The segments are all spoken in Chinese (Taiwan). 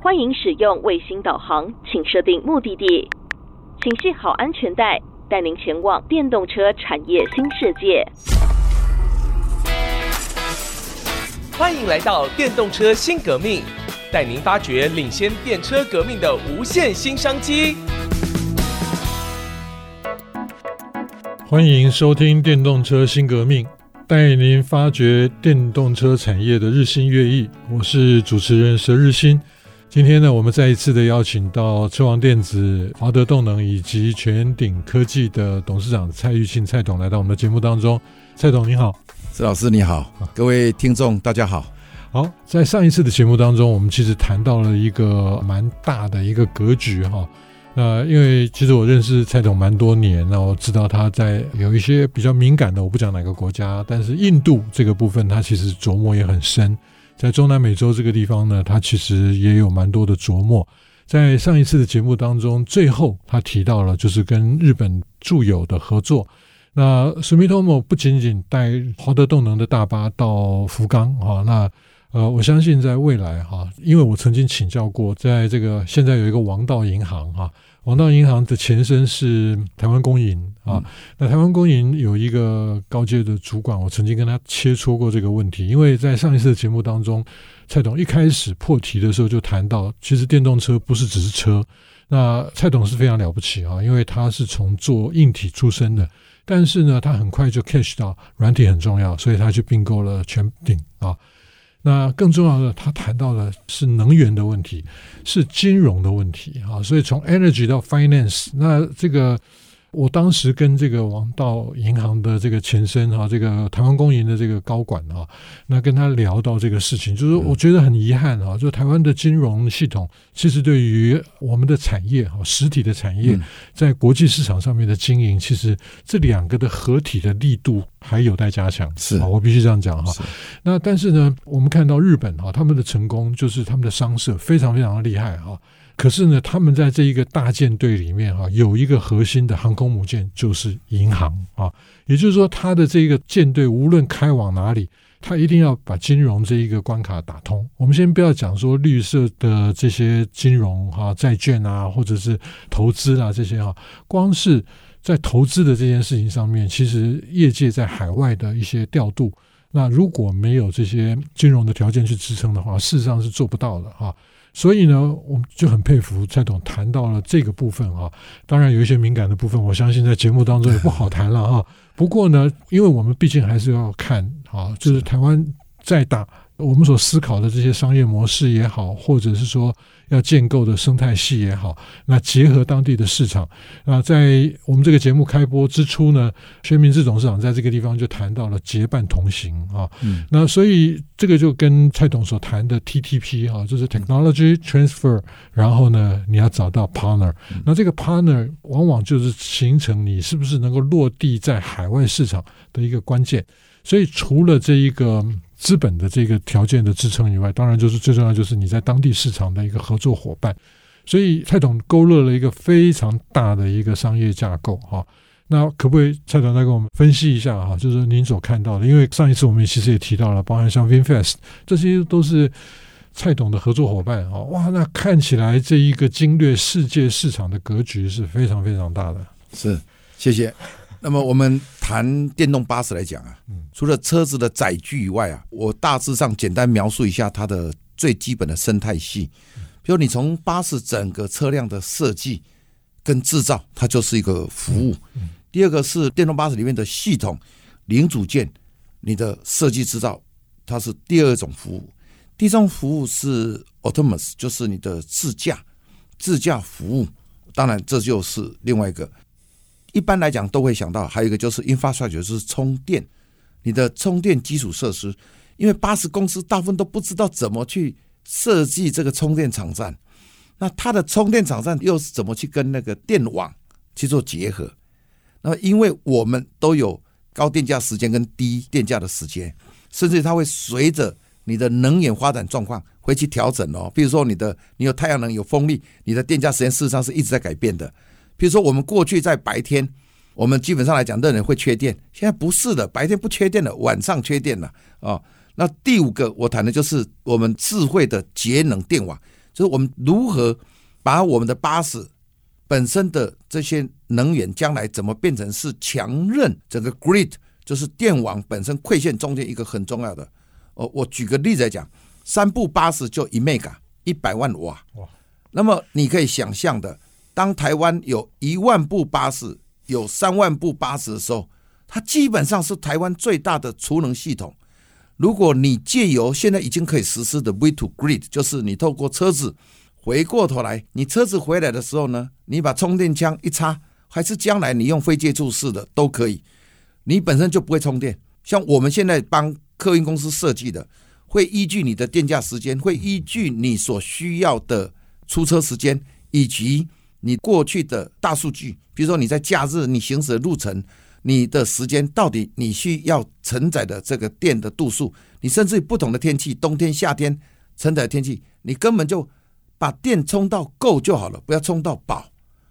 歡迎使用衛星導航，請設定目的地，請繫好安全帶，帶您前往電動車產業新世界。歡迎來到電動車新革命，帶您發掘領先電車革命的無限新商機。歡迎收聽電動車新革命，帶您發掘電動車產業的日新月異。我是主持人佘日新。今天呢，我們再一次的邀請到車王電子、華德動能以及全鼎科技的董事長蔡裕慶蔡董來到我們的節目當中。蔡董你好，石老師你好。啊，各位聽眾大家好。好，在上一次的節目當中，我們其實談到了一個蠻大的一個格局哈、哦。那因為其實我認識蔡董蠻多年，然後知道他在有一些比較敏感的，我不講哪個國家，但是印度這個部分，他其實琢磨也很深。在中南美洲這個地方呢，他其實也有蠻多的琢磨。在上一次的節目當中，最後他提到了就是跟日本住友的合作。那 Sumitomo 不僅僅帶華德動能的大巴到福岡哈、啊，那呃，我相信在未來哈、啊，因為我曾經請教過，在這個現在有一個王道銀行哈。啊王道銀行的前身是台灣工銀啊。那台灣工銀有一個高階的主管，我曾經跟他切磋過這個問題。因為在上一次的節目當中，蔡董一開始破題的時候就談到，其實電動車不是只是車。那蔡董是非常了不起啊，因為他是從做硬體出身的，但是呢，他很快就 catch 到軟體很重要，所以他就併購了全鼎啊。那更重要的，他談到的是能源的問題，是金融的問題啊，所以從 energy 到 finance，那這個。我當時跟這個王道銀行的這個前身哈、啊，這個台灣工銀的這個高管哈、啊，那跟他聊到這個事情，就是我覺得很遺憾哈、啊，就台灣的金融系統其實對於我們的產業哈、啊，實體的產業在國際市場上面的經營，其實這兩個的合體的力度還有待加強。是，我必須這樣講哈。那但是呢，我們看到日本哈、啊，他們的成功就是他們的商社非常非常的厲害哈、啊。可是呢，他們在這一個大艦隊裡面哈、啊，有一個核心的航空母艦就是銀行啊，也就是說，他的這一個艦隊無論開往哪裡，他一定要把金融這一個關卡打通。我們先不要講說綠色的這些金融哈、啊，債券啊，或者是投資啊這些啊，光是在投資的這件事情上面，其實業界在海外的一些調度，那如果沒有這些金融的條件去支撐的話，事實上是做不到的哈、啊。所以呢，我們就很佩服蔡總談到了這個部分啊。當然有一些敏感的部分，我相信在節目當中也不好談了啊。 不過呢，因為我們畢竟還是要看啊，就是台灣再大。我們所思考的這些商業模式也好，或者是說要建構的生態系也好，那結合當地的市場，那在我們這個節目開播之初呢，薛明志董事長在這個地方就談到了結伴同行啊、嗯。那所以這個就跟蔡董所談的 TTP 啊，就是 technology transfer，、嗯、然後呢，你要找到 partner，、嗯、那這個 partner 往往就是形成你是不是能夠落地在海外市場的一個關鍵。所以除了這一個。資本的這個條件的支撐以外，當然就是最重要就是你在當地市場的一個合作夥伴。所以蔡董勾勒了一個非常大的一個商業架構哈。那可不可以蔡董再給我們分析一下哈？就是您所看到的，因為上一次我們其實也提到了，包含像 VinFast 這些都是蔡董的合作夥伴哈。哇，那看起來這一個經略世界市場的格局是非常非常大的。是，謝謝。那麼我們談電動巴士來講啊，除了車子的載具以外啊，我大致上簡單描述一下它的最基本的生態系。比如你從巴士整個車輛的設計跟製造，它就是一個服務；第二個是電動巴士裡面的系統零組件，你的設計製造，它是第二種服務；第三種服務是 Autonomous，就是你的自駕自駕服務。當然，這就是另外一個。一般來講都會想到。還有一個就是 infrastructure，就是充電，你的充電基礎設施。因為巴士公司大部分都不知道怎麼去設計這個充電場站，那它的充電場站又是怎麼去跟那個電網去做結合？那麼因為我們都有高電價時間跟低電價的時間，甚至它會隨着你的能源發展狀況回去調整哦。比如說你的你有太陽能、有風力，你的電價時間事實上是一直在改變的。比如說，我們過去在白天，我們基本上來講，那會缺電。現在不是的，白天不缺電了，晚上缺電了哦，那第五個我談的就是我們智慧的節能電網，就是我們如何把我們的巴士本身的這些能源將來怎麼變成是強韌整個 grid，就是電網本身饋線中間一個很重要的。哦，我舉個例子來講，三部巴士就一 Mega 一百萬瓦哇，那麼你可以想象的。當台灣有一萬部巴士、有三萬部巴士的時候，它基本上是台灣最大的儲能系統。如果你借由現在已經可以實施的 V2Grid，就是你透過車子回過頭來，你車子回來的時候呢，你把充電槍一插，還是將來你用非接觸式的都可以。你本身就不會充電，像我們現在幫客運公司設計的，會依據你的電價時間，會依據你所需要的出車時間以及。你過去的大數據，比如說你在假日你行駛的路程、你的時間，到底你需要承載的這個電的度數，你甚至於不同的天氣，冬天、夏天承載的天氣，你根本就把電充到夠就好了，不要充到飽，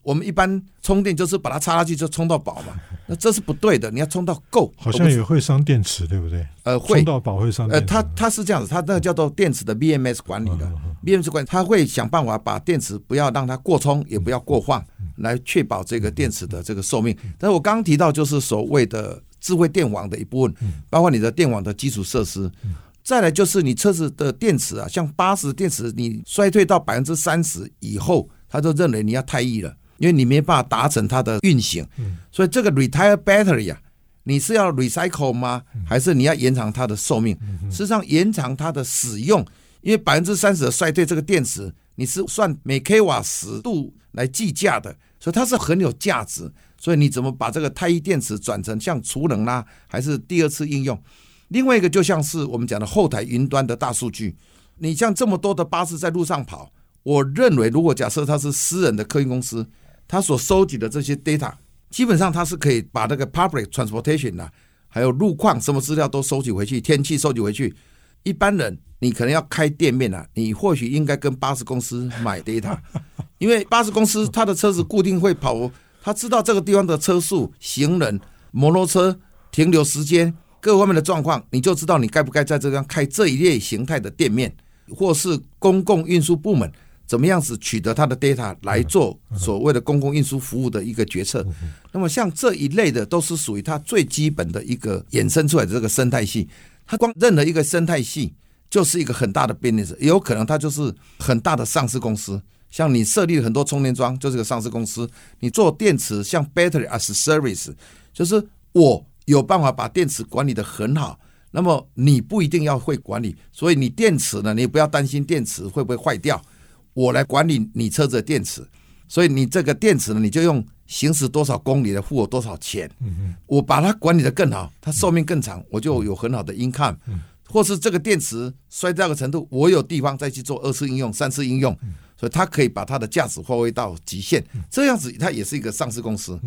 我們一般充電就是把它插上去就充到飽嘛，那這是不對的。你要充到夠，好像也會傷電池，對不對？呃，會充到飽會傷。呃，它它是這樣子，它那個叫做電池的 BMS 管理的、嗯、BMS 管理，它會想辦法把電池不要讓它過充，嗯、也不要過放，來確保這個電池的這個壽命、嗯。但我剛剛提到就是所謂的智慧電網的一部分，包括你的電網的基礎設施、嗯，再來就是你車子的電池啊，像八十電池，你衰退到百分之三十以後，它就認為你要太易了。因為你沒辦法達成它的運行，所以這個 retire battery 呀、啊，你是要 recycle 嗎？還是你要延長它的壽命？實際上延長它的使用，因為百分之三十的衰退，這個電池你是算每 k 瓦時度來計價的，所以它是很有價值。所以你怎麼把這個退役電池轉成像儲能啦，還是第二次應用？另外一個就像是我們講的後台雲端的大數據，你像這麼多的巴士在路上跑，我認為如果假設它是私人的客運公司。他所收集的這些 data，基本上他是可以把那個 public transportation 吶、啊，還有路況什麼資料都收集回去，天氣收集回去。一般人你可能要開店面吶、啊，你或許應該跟巴士公司買 data，因為巴士公司他的車子固定會跑，他知道這個地方的車速、行人、摩托車停留時間各方面的狀況，你就知道你該不該在這樣開這一類形態的店面，或是公共運輸部門。怎麼樣子取得它的 data 來做所謂的公共運輸服務的一個決策？那麼像這一類的都是屬於它最基本的一個衍生出來的這個生態系。它光任何一個生態系就是一個很大的 business，也有可能它就是很大的上市公司。像你設立很多充電樁，就是一個上市公司。你做電池，像 battery as service，就是我有辦法把電池管理得很好。那麼你不一定要會管理，所以你電池呢，你不要擔心電池會不會壞掉。我來管理你車子的電池，所以你這個電池呢，你就用行駛多少公里來付我多少錢。我把它管理得更好，它壽命更長，我就有很好的 income。或是這個電池衰到個程度，我有地方再去做二次應用、三次應用，所以它可以把它的價值發揮到極限。這樣子，它也是一個上市公司。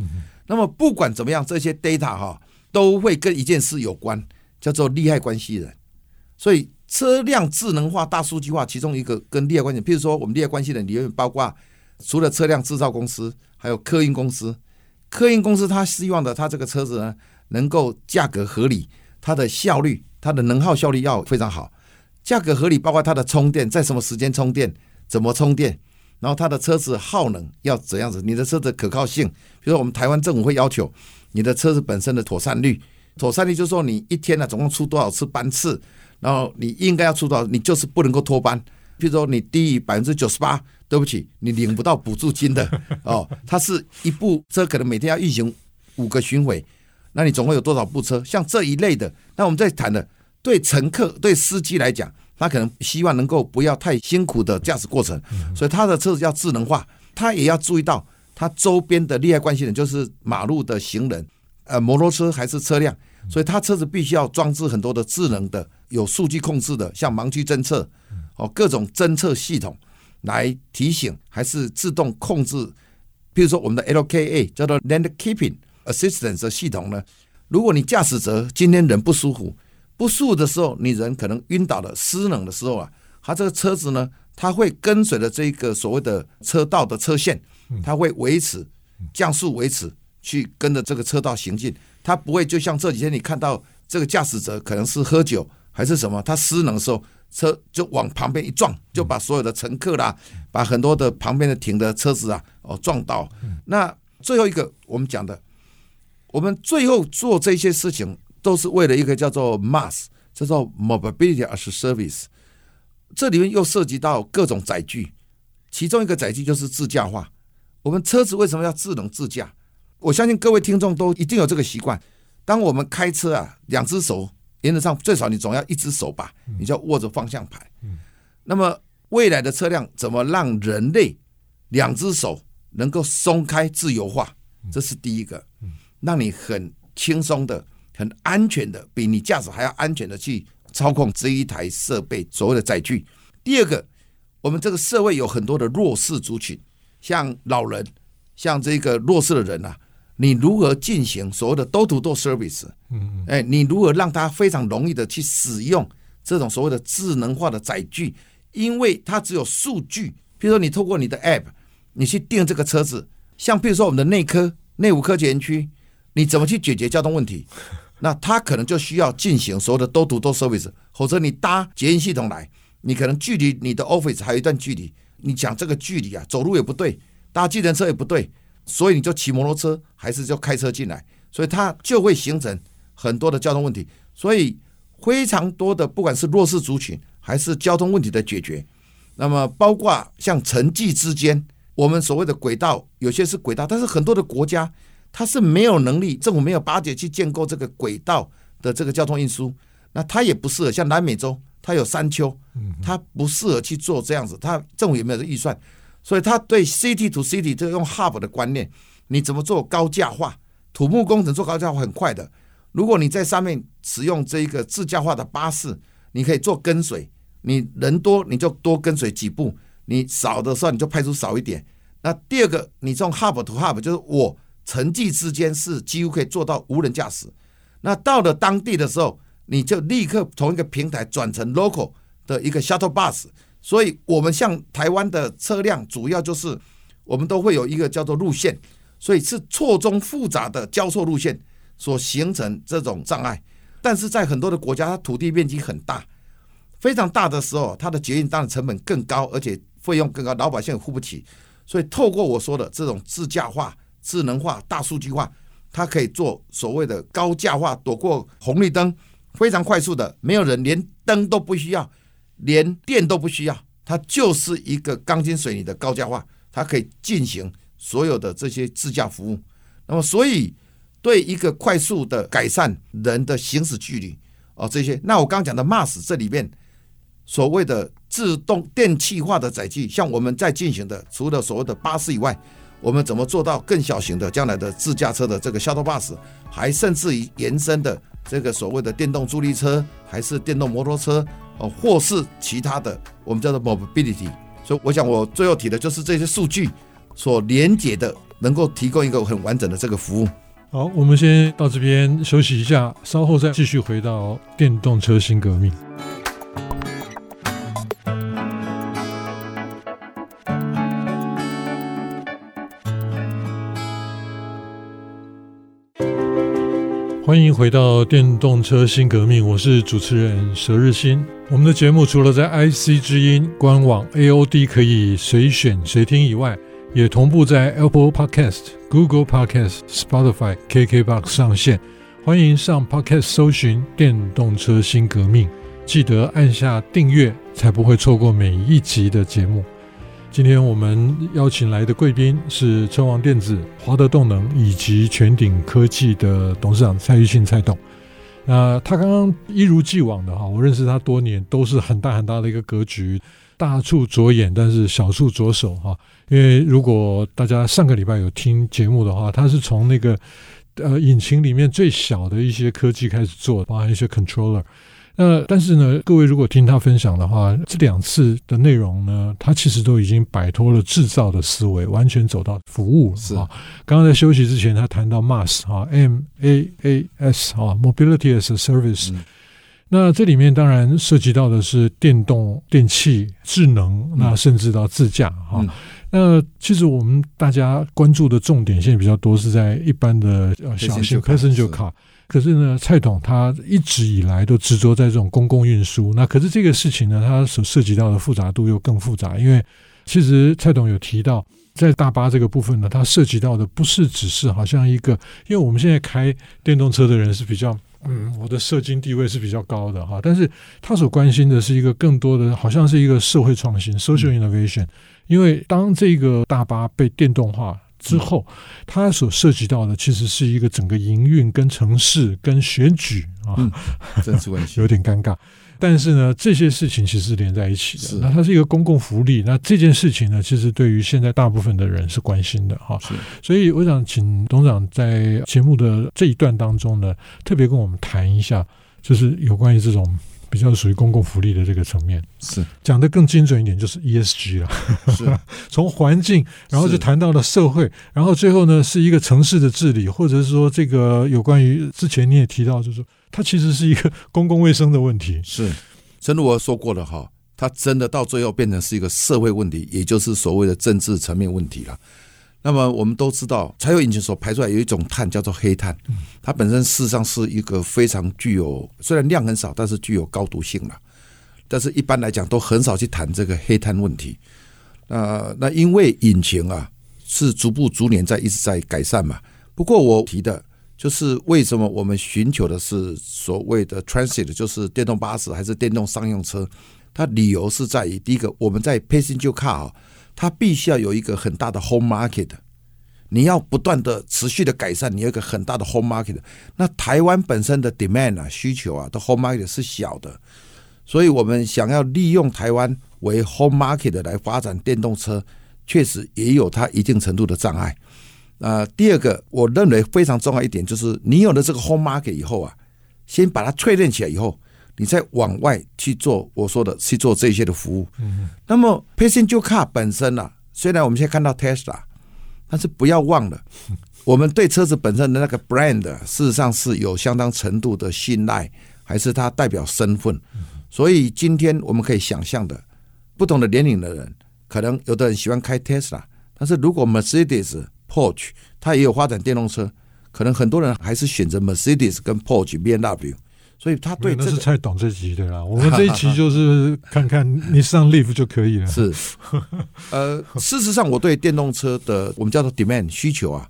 那麼不管怎麼樣，這些 data 哈都會跟一件事有關，叫做利害關係人。所以。車輛智能化、大數據化，其中一個跟利害關係，譬如說，我們利害關係的裡面包括除了車輛製造公司，還有客運公司。客運公司他希望的，他這個車子呢，能夠價格合理，它的效率、它的能耗效率要非常好，價格合理，包括它的充電在什麼時間充電，怎麼充電，然後它的車子耗能要怎樣子，你的車子可靠性，比如說我們台灣政府會要求你的車子本身的妥善率，妥善率就是說你一天呢總共出多少次班次。然後你應該要出道，你就是不能夠脫班。譬如說，你低於百分之九十八，對不起，你領不到補助金的哦。它是一部車，可能每天要運行五個巡迴，那你總會有多少部車？像這一類的，那我們在談的對乘客、對司機來講，他可能希望能夠不要太辛苦的駕駛過程。所以他的車子要智能化，他也要注意到他周邊的利害關係人，就是馬路的行人、呃、摩托車還是車輛。所以，他車子必須要裝置很多的智能的、有數據控制的，像盲區偵測，哦，各種偵測系統來提醒，還是自動控制。比如說，我們的 LKA 叫做 Lane Keeping Assistance 的系統呢，如果你駕駛者今天人不舒服、不舒服的時候，你人可能暈倒了、失能的時候啊，他這個車子呢，他會跟隨着這個所謂的車道的車線，他會維持降速維持，去跟着這個車道行進。他不會就像這幾天你看到這個駕駛者可能是喝酒還是什麼，他失能的時候，車就往旁邊一撞，就把所有的乘客啦，把很多的旁邊的停的車子啊，哦撞到。那最後一個我們講的，我們最後做這些事情都是為了一個叫做 MaaS，叫做 Mobility as a Service。這裡面又涉及到各種載具，其中一個載具就是自駕化。我們車子為什麼要智能自駕？我相信各位聽眾都一定有這個習慣。當我們開車啊，兩只手原則上最少你總要一只手吧，你就要握着方向盤、嗯嗯。那麼未來的車輛怎麼讓人類兩只手能夠鬆開自由化？這是第一個，讓你很輕鬆的、很安全的，比你駕駛還要安全的去操控這一台設備所謂的載具。第二個，我們這個社會有很多的弱勢族群，像老人，像這個弱勢的人啊。你如何進行所謂的 door-to-door service？嗯，哎，你如何讓它非常容易的去使用這種所謂的智能化的載具？因為它只有數據，比如說你透過你的 app，你去訂這個車子，像比如說我們的內科、內五科捷運區，你怎麼去解決交通問題？那它可能就需要進行所謂的 door-to-door service，否則你搭捷運系統來，你可能距離你的 office 還有一段距離，你講這個距離啊，走路也不對，搭計程車也不對。所以你就騎摩托車，還是就開車進來，所以它就會形成很多的交通問題。所以非常多的，不管是弱勢族群，還是交通問題的解決，那麼包括像城際之間，我們所謂的軌道，有些是軌道，但是很多的國家它是沒有能力，政府沒有巴結去建構這個軌道的這個交通運輸，那它也不適合。像南美洲，它有山丘，它不適合去做這樣子，它政府有沒有預算。所以它對 city to city 就用 hub 的觀念，你怎麼做高架化？土木工程做高架化很快的。如果你在上面使用這一個自駕化的巴士，你可以做跟隨，你人多，你就多跟隨幾步，你少的時候，你就派出少一點。那第二個，你從 hub to hub 就是我城際之間是幾乎可以做到無人駕駛。那到了當地的時候，你就立刻從一個平台轉成 local 的一個 shuttle bus。所以，我們像台灣的車輛，主要就是我們都會有一個叫做路線，所以是錯綜複雜的交錯路線所形成這種障礙。但是在很多的國家，它土地面積很大，非常大的時候，它的捷運當然成本更高，而且費用更高，老百姓也付不起。所以，透過我說的這種自駕化、智能化、大數據化，它可以做所謂的高架化，躲過紅綠燈，非常快速的，沒有人連燈都不需要。連電都不需要，它就是一個鋼筋水泥的高架化，它可以進行所有的這些自駕服務。那麼，所以對一個快速的改善人的行駛距離啊、哦，這些，那我剛剛講的 MaaS 這裡面所謂的自動電氣化的載具，像我們在進行的，除了所謂的巴士以外，我們怎麼做到更小型的將來的自駕車的這個 shuttle bus，還甚至於延伸的這個所謂的電動助力車，還是電動摩托車。或是其他的，我們叫做 mobility。所以，我想我最後提的就是這些數據所連接的，能夠提供一個很完整的這個服務。好，我們先到這邊休息一下，稍後再繼續回到電動車新革命。歡迎回到《電動車新革命》，我是主持人佘日新。我們的節目除了在 IC 之音官網 AOD 可以隨選隨聽以外，也同步在 Apple Podcast、Google Podcast、Spotify、KKBox 上線。歡迎上 Podcast 搜尋《電動車新革命》，記得按下訂閱，才不會錯過每一集的節目。今天我們邀請來的貴賓是車王電子、華德動能以及全鼎科技的董事長蔡裕慶蔡董。呃，他剛剛一如既往的哈，我認識他多年，都是很大很大的一個格局，大處着眼，但是小處着手哈。因為如果大家上個禮拜有聽節目的話，他是從那個呃引擎裡面最小的一些科技開始做，包含一些 controller。那但是呢，各位如果聽他分享的話，這兩次的內容呢，他其實都已經擺脫了製造的思維，完全走到服務啊。剛剛在休息之前，他談到 MAS M-A-A-S Mobility as a Service、嗯。那這裡面當然涉及到的是電動、電器、智能，那甚至到自駕啊、嗯。那其實我們大家關注的重點，現在比較多是在一般的小型 Passenger Car。可是呢，蔡董他一直以來都執着在這種公共運輸。那可是這個事情呢，他所涉及到的複雜度又更複雜，因為其實蔡董有提到，在大巴這個部分呢，它涉及到的不是只是好像一個，因為我們現在開電動車的人是比較，嗯，我的社經地位是比較高的哈。但是他所關心的是一個更多的，好像是一個社會創新 （social innovation），因為當這個大巴被電動化。之後，它所涉及到的其實是一個整個營運、跟城市、跟選舉啊，嗯、 有點尷尬。但是呢，這些事情其實連在一起的。那它是一個公共福利，那這件事情呢，其實對於現在大部分的人是關心的哈。所以我想請董事長在節目的這一段當中呢，特別跟我們談一下，就是有關於這種。比較屬於公共福利的這個層面是講得，更精準一點，就是 ESG 了。是，從環境，然後就談到了社會，然後最後呢是一個城市的治理，或者是說這個有關於之前你也提到，就是說它其實是一個公共衛生的問題。是，是，正如我說過的哈，它真的到最後變成是一個社會問題，也就是所謂的政治層面問題了。那麼我們都知道，柴油引擎所排出來有一種碳叫做黑碳，它本身事實上是一個非常具有，雖然量很少，但是具有高毒性了。但是，一般來講都很少去談這個黑碳問題。那、呃、那因為引擎啊是逐步逐年在一直在改善嘛。不過我提的就是為什麼我們尋求的是所謂的 transit，就是電動巴士還是電動商用車？它理由是在於第一個，我們在 passenger car，哦。它必須要有一個很大的 home market，你要不斷的持續的改善，你有一個很大的 home market。那台灣本身的 demand 啊、需求啊的 home market 是小的，所以我們想要利用台灣為 home market 來發展電動車，確實也有它一定程度的障礙。啊、呃，第二個我認為非常重要一點就是，你有了這個 home market 以後啊，先把它確認起來以後。你再往外去做我說的去做這些的服務，嗯、那麼 passenger car 本身呢、啊？雖然我們現在看到 Tesla，但是不要忘了呵呵，我們對車子本身的那個 brand 事實上是有相當程度的信賴，還是它代表身份、嗯。所以今天我們可以想象的，不同的年齡的人，可能有的人喜歡開 Tesla，但是如果 Mercedes、Porsche 它也有發展電動車，可能很多人還是選擇 Mercedes 跟 Porsche、BMW。所以他對這那是太懂這期的啦， 我們這一期就是看看你上 live 就可以了。 是，呃，事實上我對電動車的我們叫做 demand 需求啊，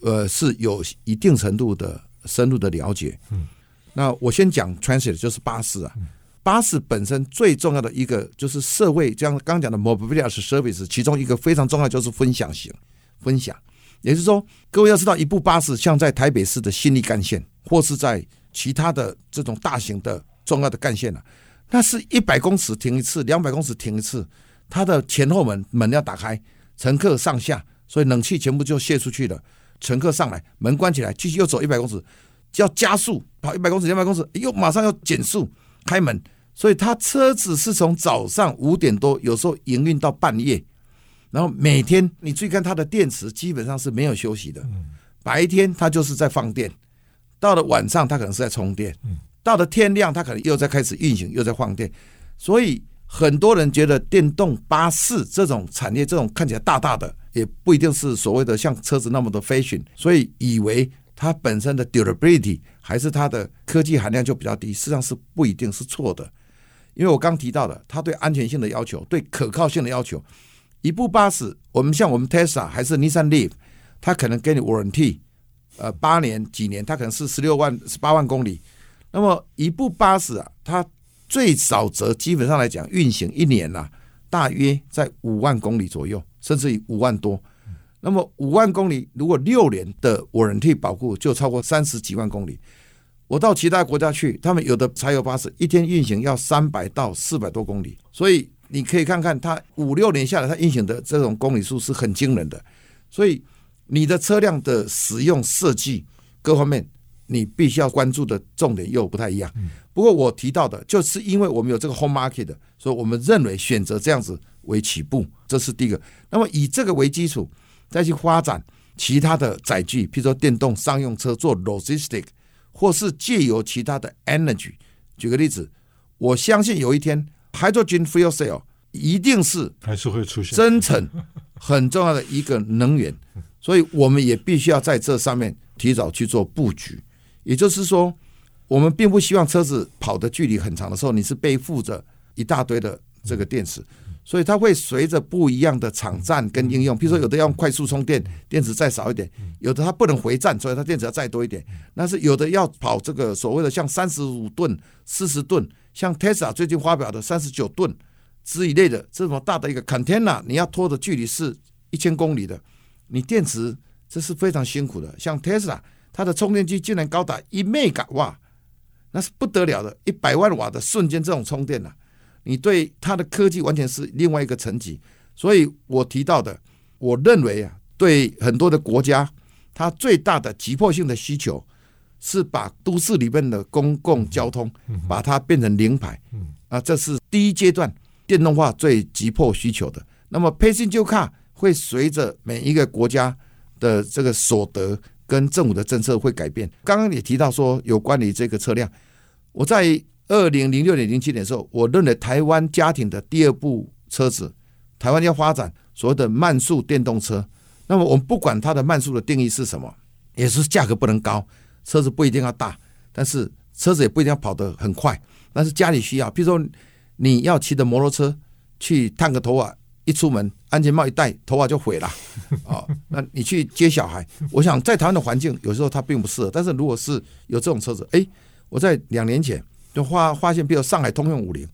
呃是有一定程度的深入的了解。嗯，那我先講 transit 就是巴士啊，嗯、巴士本身最重要的一個就是社會這樣剛，剛講的 mobility service，其中一個非常重要就是分享型分享，也就是說各位要知道一部巴士像在台北市的新力幹線或是在。其他的這種大型的、重要的幹線呢，那是一百公尺停一次，兩百公尺停一次。它的前後門門要打開，乘客上下，所以冷氣全部就泄出去了。乘客上來，門關起來，繼續又走一百公尺，要加速跑一百公尺，兩百公尺，又馬上要減速開門。所以它車子是從早上五點多，有時候營運到半夜，然後每天你注意看它的電池基本上是沒有休息的，白天它就是在放電。到了晚上，它可能是在充電；到了天亮，它可能又在開始運行，又在放電。所以很多人覺得電動巴士這種產業，這種看起來大大的，也不一定是所謂的像車子那麼多 fashion。所以以為它本身的 durability 還是它的科技含量就比較低，事實際上是不一定是錯的。因為我剛提到的，它對安全性的要求、對可靠性的要求，一部巴士，我們像我們 Tesla 還是 Nissan l e 它可能給你 warranty。呃，八年幾年，它可能是十六萬、十八萬公里。那麼一部巴士啊，它最少則基本上來講，運行一年吶、啊，大約在五萬公里左右，甚至於五萬多。那麼五萬公里，如果六年的 warranty 保固，就超過三十幾萬公里。我到其他國家去，他們有的柴油巴士一天運行要三百到四百多公里，所以你可以看看它五六年下來，它運行的這種公里數是很驚人的。所以。你的車輛的使用設計各方面，你必須要關注的重點又不太一樣。不過我提到的，就是因為我們有這個 home market，所以我們認為選擇這樣子為起步，這是第一個。那麼以這個為基礎再去發展其他的載具，譬如說電動商用車做 logistic，或是借由其他的 energy。舉個例子，我相信有一天 hydrogen fuel cell 一定是還是會出現，真誠很重要的一個能源。所以我們也必須要在這上面提早去做布局，也就是說，我們並不希望車子跑的距離很長的時候，你是背負着一大堆的這個電池，所以它會隨着不一樣的場站跟應用，比如說有的要快速充電，電池再少一點；有的它不能回站，所以它電池要再多一點。但是有的要跑這個所謂的像三十五噸、四十噸，像 Tesla 最近發表的三十九噸之類的的這麼大的一個 container，你要拖的距離是一千公里的。你電池這是非常辛苦的，像 Tesla，它的充電器竟然高達一 mega 瓦，那是不得了的，一百萬瓦的瞬間這種充電呢、啊，你對它的科技完全是另外一個層級。所以，我提到的，我認為啊，對很多的國家，它最大的急迫性的需求是把都市裡面的公共交通把它變成零排，啊、嗯，這是第一階段電動化最急迫需求的。那麼 passenger car。會隨着每一個國家的這個所得跟政府的政策會改變。剛剛你提到說有關於這個車輛，我在二零零六年、零七年的時候，我認為台灣家庭的第二部車子。台灣要發展所謂的慢速電動車，那麼我們不管它的慢速的定義是什麼，也是價格不能高，車子不一定要大，但是車子也不一定要跑得很快，但是家裡需要。比如說你要騎着摩托車去燙個頭啊，一出門。安全帽一戴，頭髮就毀了，哦，那你去接小孩，我想在台灣的環境，有時候它並不適合。但是如果是有這種車子，誒、欸，我在兩年前就發發現，比如上海通用五菱，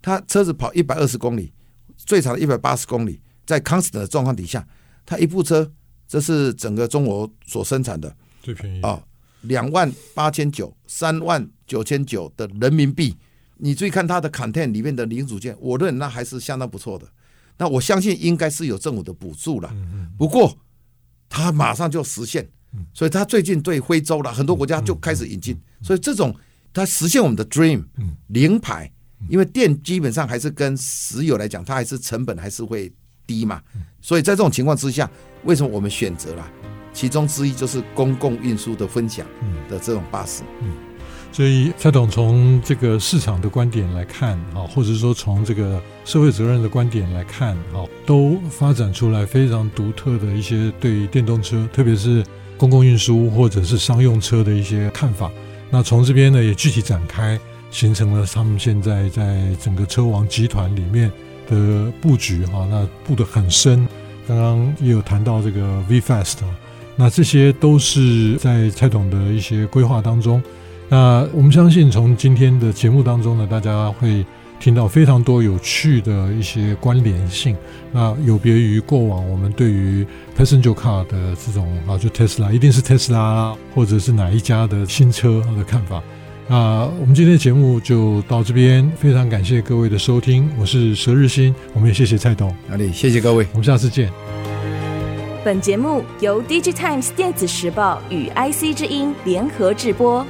它車子跑一百二十公里，最長的一百八十公里，在 constant 的狀況底下，它一部車，這是整個中國所生產的，最便宜哦，兩萬八千九，三萬九千九的人民幣。你注意看它的 content 裡面的零組件，我認為那還是相當不錯的。那我相信應該是有政府的補助了。不過他馬上就實現，所以他最近對非洲啦很多國家就開始引進，所以這種他實現我們的 dream，零排，因為電基本上還是跟石油來講，它還是成本還是會低嘛。所以在這種情況之下，為什麼我們選擇了其中之一就是公共運輸的分享的這種巴士？所以蔡董從這個市場的觀點來看，啊，或者說從這個社會責任的觀點來看，啊，都發展出來非常獨特的一些對電動車，特別是公共運輸或者是商用車的一些看法。那從這邊呢，也具體展開，形成了他們現在在整個車王集團裡面的布局，啊，那布得很深。剛剛也有談到這個 VFAST，那這些都是在蔡董的一些規劃當中。那我們相信，從今天的節目當中呢，大家會聽到非常多有趣的一些關聯性啊。那有別於過往我們對於 passenger car 的這種啊，就特斯拉一定是特斯拉，或者是哪一家的新車的看法啊。那我們今天的節目就到這邊，非常感謝各位的收聽。我是佘日新，我們也謝謝蔡董，哪裡？謝謝各位，我們下次見。本節目由 DigiTimes 電子時報與 IC 之音聯合制播。